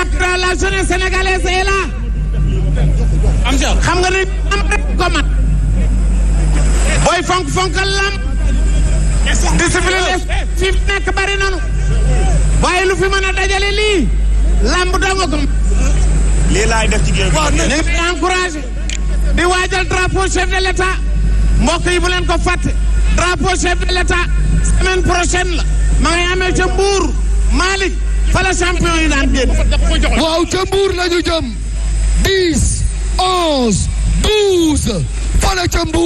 électoral la jeunesse sénégalaise est là. am xam nga ne am ko mat. booy fonk fonkal lam. discipline fi nekk bari nanu waaye lu fi mën a dajale lii. lamb dong ko. lii laay def ci géej di waajal drapeau chef de l' mbokk yi ko fàtte. drapeau chef de l' semaine prochaine la. ma ngay amee ca fa la champion yi daan génn. waaw ca la ñu jëm. 10 11 12. fa la ca Mbuur.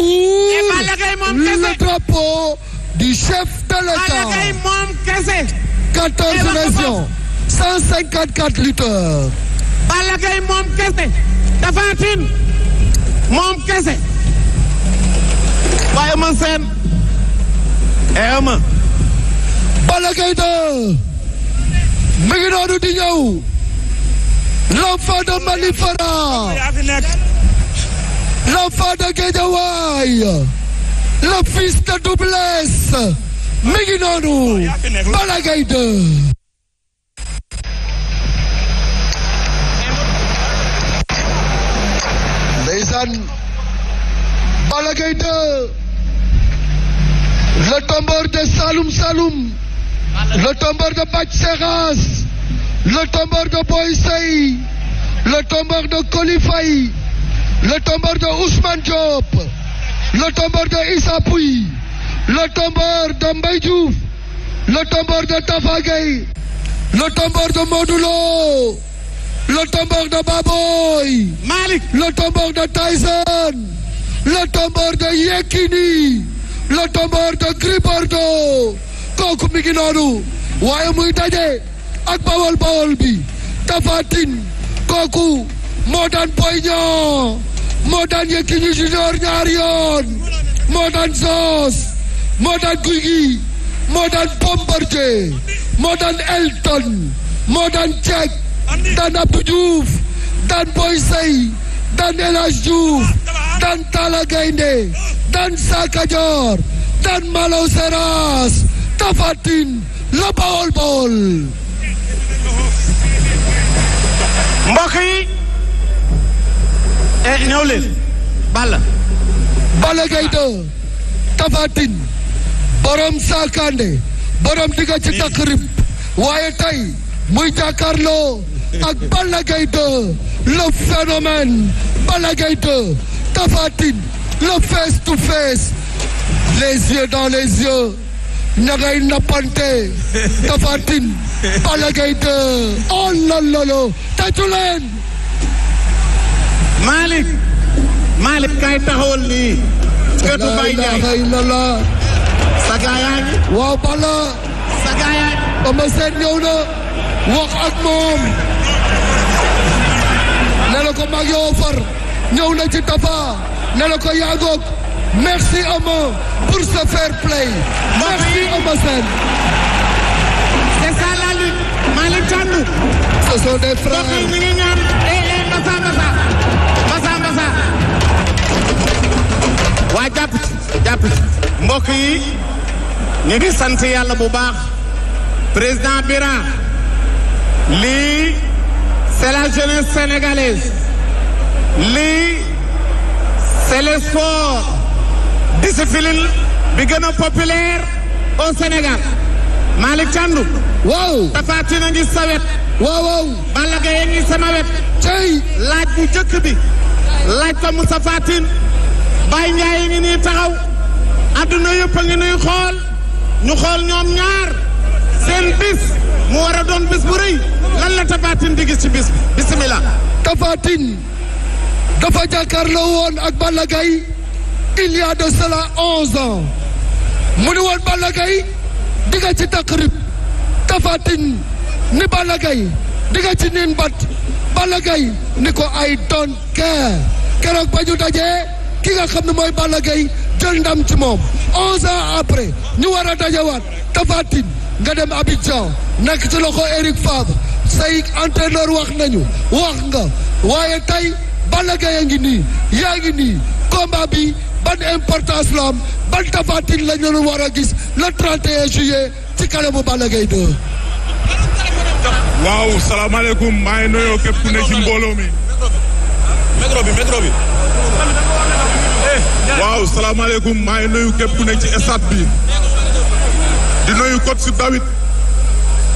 le drapeau chef de l'État. 14 régions. Balla Gaye moom kese. Tapha Tine kese. waaye man seen. eh ma. Balla Gaye 2. mi ngi noonu di ñëw. l'enfant de Malifara. l'enfant de Guédiawaye. le fils de Doublès. mi ngi le tombeur de Bac le tombeur de Boy le tombeur de Kolifay le tombeur de Ousmane Diop le tombeur de Issa le tombeur de Mbaye le tombeur de Tafa le tombeur de Modou le tombeur de Baboy le tombeur de Tyson le tombeur de Yekini le tombeur de Gris kooku mi ngi noonu waaye muy daje ak bawol bawol bi tafatin kooku moo daan Boy Niang moo daan Yékini Junior ñaari yoon moo daan Zoss moo daan Gouye Gui moo daan Bombardier moo daan Elton moo daan Cek daan Abdou Diouf daan Boy Sey daan El Hadj daan Talla daan Sakadior daan Malaw Seras Tapha Tine la Bawol Bawol mbokk yi eh ñëw leen Balla Balla Gaye 2 Tapha Tine borom saakande ci takk waaye tey muy jàkkaarloo ak Balla Gaye 2 le phénomène Balla Gaye 2 Tapha Tine le les yeux dans les yeux ña ngay nappante Tapha Tine Balla Gaye 2 oh leen Malick Malick kay lii këtu la la sagaayaay waaw Balla sagaayaay Eumeu Sène ñëw na wax ak moom ne la ko mag yow far ñëw na ci Tapha la ko yaagoog Merci Homo pour fair play. Merci Homo Sen. C'est ça la lutte. Malick Thiandou. Ce sont des yi ñu ngi ñaan eh, eh Massa Massa Massa Massa. waa jàpp ci jàpp ngi sant yàlla bu baax. président Bira lii c'est jeunesse sénégalaise lii c'est le discipline bi gën a populaire au Sénégal Malick Thiandou waaw Tapha a ngi sa wet waaw waaw a ngi sama wet cey laaj bu jëkk bi laaj ko Moustapha Tine Baye Ndiaye ngi nii taxaw adduna yëpp a ngi nuy xool ñu xool ñoom ñaar seen bis mu war a doon bis bu rëy lan la Tapha Tine ci bis bi bisimilah Tapha Tine dafa jàkkaarloo woon ak Balla il y a de cela onze ans mu ni woon Balla Gaye ci taqrib tafatin ni Balla Gaye ci niin bat Balla ni ko ay ton care keroog ba ñu dajee ki nga xam ne mooy Balla Gaye jël ndam ci moom onze ans après ñu war a dajawaat tafatin nga dem Abidjan nekk ci loxo Eric Favre say entraîneur wax nañu wax nga waaye tey Balla a ngi nii yaa ngi nii combat bi ban importance la am ban Tapha la ñu war a gis la 31 juillet ci kanamu Balla Gaye waaw salaamaaleykum maa ngi nuyoo képp ne ci mbooloo mi. micro bi micro bi. waaw salaamaaleykum maa ngi nuyu képp ku ne ci stade bi. di nuyu coach su David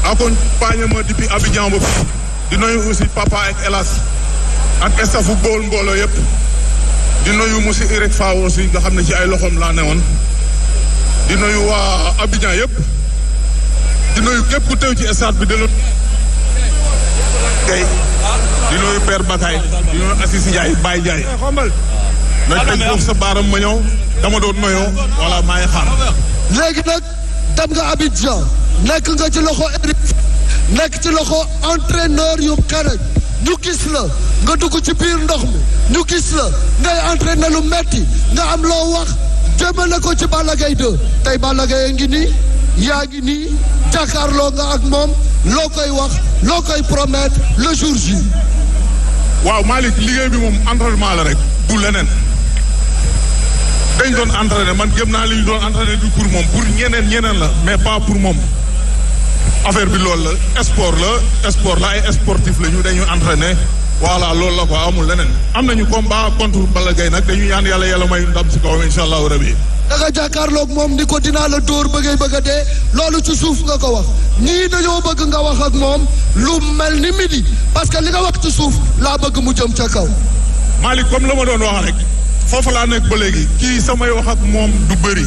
accompagné ma depuis Abidjan ba fi di nuyu aussi papa ak Elas ak staff football mbooloo yëpp. di nuyu monsieur Eric Fawo aussi nga xam ne ci ay loxoom laa newoon di noyu waa Abidjan yëpp di nuyu képp ku teew ci stade bi delloo tey di nuyu Père Bakay di nuyu Assis Ndiaye Baye Ndiaye eh, ma ñëw dama doon noyoo wala nag nga nekk nga ci loxo Eric nekk ci loxo entraîneur yu xarañ ñu gis la nga dugg ci biir ndox ñu gis la ngay entraîné lu metti nga am loo wax jëmale ko ci Balla Gaye tey Balla Gaye ngi nii yaa ngi nii jàkkaarloo nga ak moom loo koy wax loo koy promettre le jour J. waaw Malick liggéey bi moom entraînement la rek du leneen dañ doon entraîné man jëm naa li ñu doon entraîné du pour moom pour ñeneen ñeneen la mais pas pour moom affaire bi loolu la sport la sport la ay sportif la ñu dañu entraîné voilà loolu la ko amul leneen am nañu combat contre bala gay nag dañu yaan yàlla yàlla may ndam si kawam incha allahu rabi. da nga moom ni ko dinaa la dóor bëggee bëgg a dee loolu ci suuf nga ko wax ñii dañoo bëgg nga wax ak moom lu mel ni midi parce que li nga wax ci suuf laa bëgg mu jëm ca kaw. Malick comme la ma doon wax rek foofu laa nekk ba léegi kii samay wax ak moom du bëri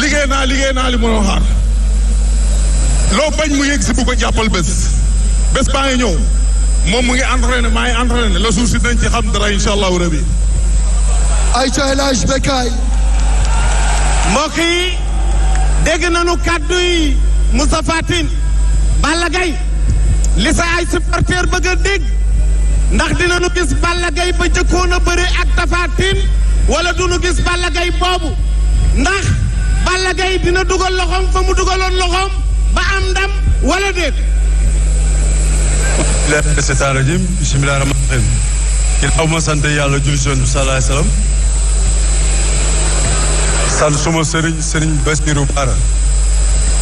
liggéey naa liggéey naa li mënoo xaar loo bañ mu yegg si bu ko jàppal bés ñëw. moom mu ngi entraîné maa ngi entraîné la suuf si dinañ xam dara incha allahu rabi. ayca El Hadj Bekkaay. mbokk yi dégg nañu kàddu yi Moustapha Tine Balla Gaye li sa ay supporter bëgg a dégg ndax dinañu gis Balla ba jëkkoon a bëre ak Tapha Tine wala du ñu gis Balla Gaye boobu ndax Balla dina dugal loxoom fa mu dugaloon loxoom ba am ndam wala déet. bismillahi rahmaani seetaan rajim bismillahi rahmaani ma sant yàlla julli si yonent bi salaay salaam sant suma sëriñ sëriñ Basiru Baara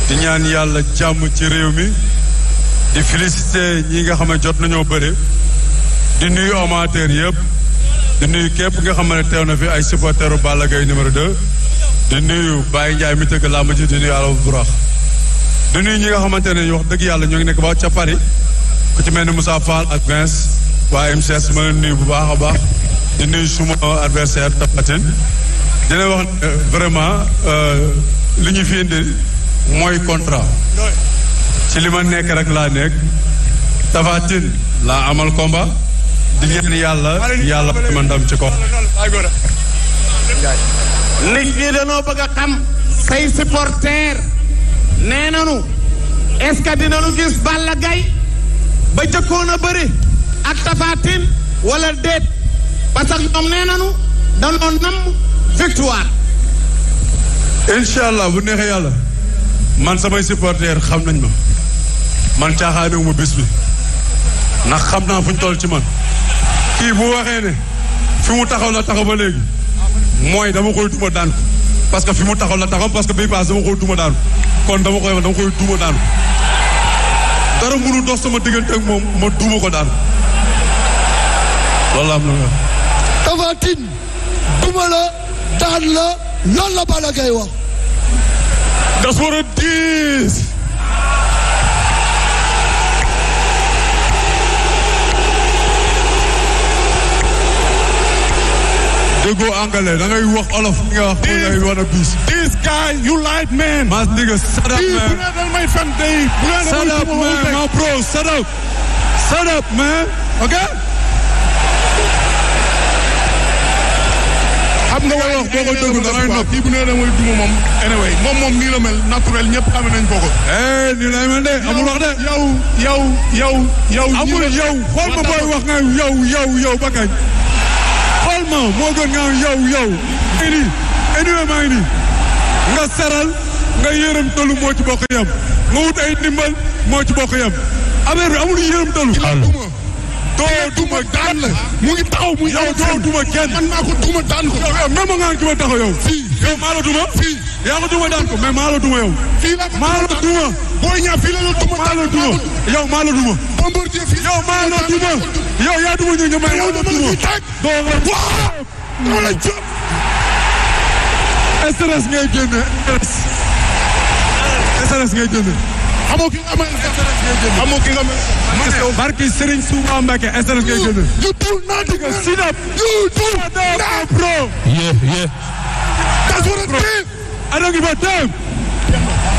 di ñaan yàlla jàmm ci réew mi di félicité ñi nga xam ne jot nañoo bari di nuyu amateur yëpp di nuyu képp nga xam ne teew na fi ay supporteru Balla Gaye numéro 2 di nuyu Baye Ndiaye mi tëgg làmb ji di nuyu Alou Burax di nuyu ñi nga xamante ne wax dëgg yàlla ñoo ngi nekk ba ca Paris ku ci mel ni Moussa Fall ak Vince ma leen nuyu bu baax a baax di nuyu suma adversaire Tapha Tine dina wax euh, vraiment euh, li ñu fi mooy contrat ci lima ma nekk rek laa nekk Tapha Tine laa amal combat di ñaan yàlla yàlla ma ndam ci ko nit ñi dañoo bëgg a xam say supporter nee nanu est-ce que dinañu gis Balla Gaye ba jëkkoon a bëri ak tafaatin walla déet parce que ñoom nee nanu danoo nam victoire. incha allah bu neexee yàlla man samay supporters xam nañ ma man caaxaanewu ma bis bi ndax xam naa fu ñu toll ci man kii bu waxee ne fi mu taxaw la taxaw ba léegi mooy dama koy duma daan ko que fi mu taxaw la taxaw parce que bii paas dama koy duma daan kon dama koy dama koy duma daan dara mënu dox sama diggante ak moom ma duuma ko daan loolu la am na nga Tapha Tine duma la daan la loolu la Balla Gaye wax das war a diis déggoo angale da ngay wax olof mi nga wax. this ngay wan a bis. this guy you light man. maa ngi dégg shut up man bu dee may fan day. shut up man ma bro shut up. shut up man ok. xam nga wax boo ko déglu da ngay noppi bu nee na mooy duma moom. anyway moom moom nii la mel naturel ñëpp xam nañ ko ko. Eh, nii lay mel de amul wax de. yow yow yow yow. amul yow xool ma booy wax nga yow yow yow ba kañ. calmement moo gën nga yow yow ini ini maa ngi nii nga saral nga yërëm tolu moo ci bokk yam nga wut ay ndimbal moo ci bokk yam affaire bi amul yërëm tolu doo duma daan la mu ngi taxaw muy. yow doo duma kenn man maa ko duma daan ko. yow yow même nga ngi ma taxaw yow. fii yow maa la duma. fii yaa ko duma daan ko mais maa la duma yow. fii la maa la duma. booy ñaa fii la la duma. maa la duma yow maa la duma. bombardier fii yow maa la duma. yow yaa duma ñëw ñëw mais yow la duma. doo la waaw. dama la jóg. stress ngay génne stress. stress ngay génne. amoo ki nga amee SRS ngay génn. amoo ki nga amee. barki Serigne Souma Mbacke SRS ngay génn. you do not sit up. you do not bro. yeah yeah. that's what I think.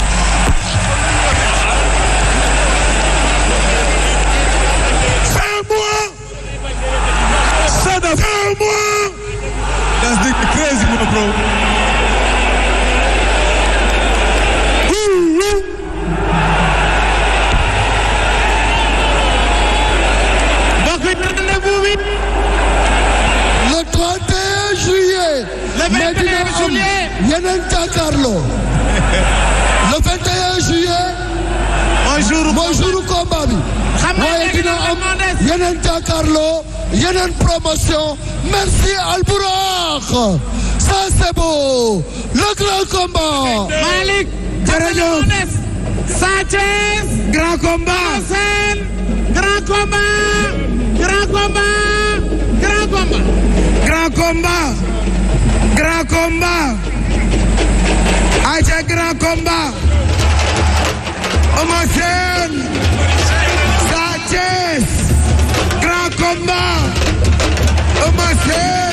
le 21 juillet. mooy jour mooy jour combat bi. xam waaye dina am yeneen jàkkaarloo yeneen promotion merci Albourakh ça c'est beau grand combat. Malick jërëjëf Sathiès grand grand combat grand combat grand combat grand combat ay ca grand combat Eumeu Sène Sa Thiès grand combat Eumeu Sène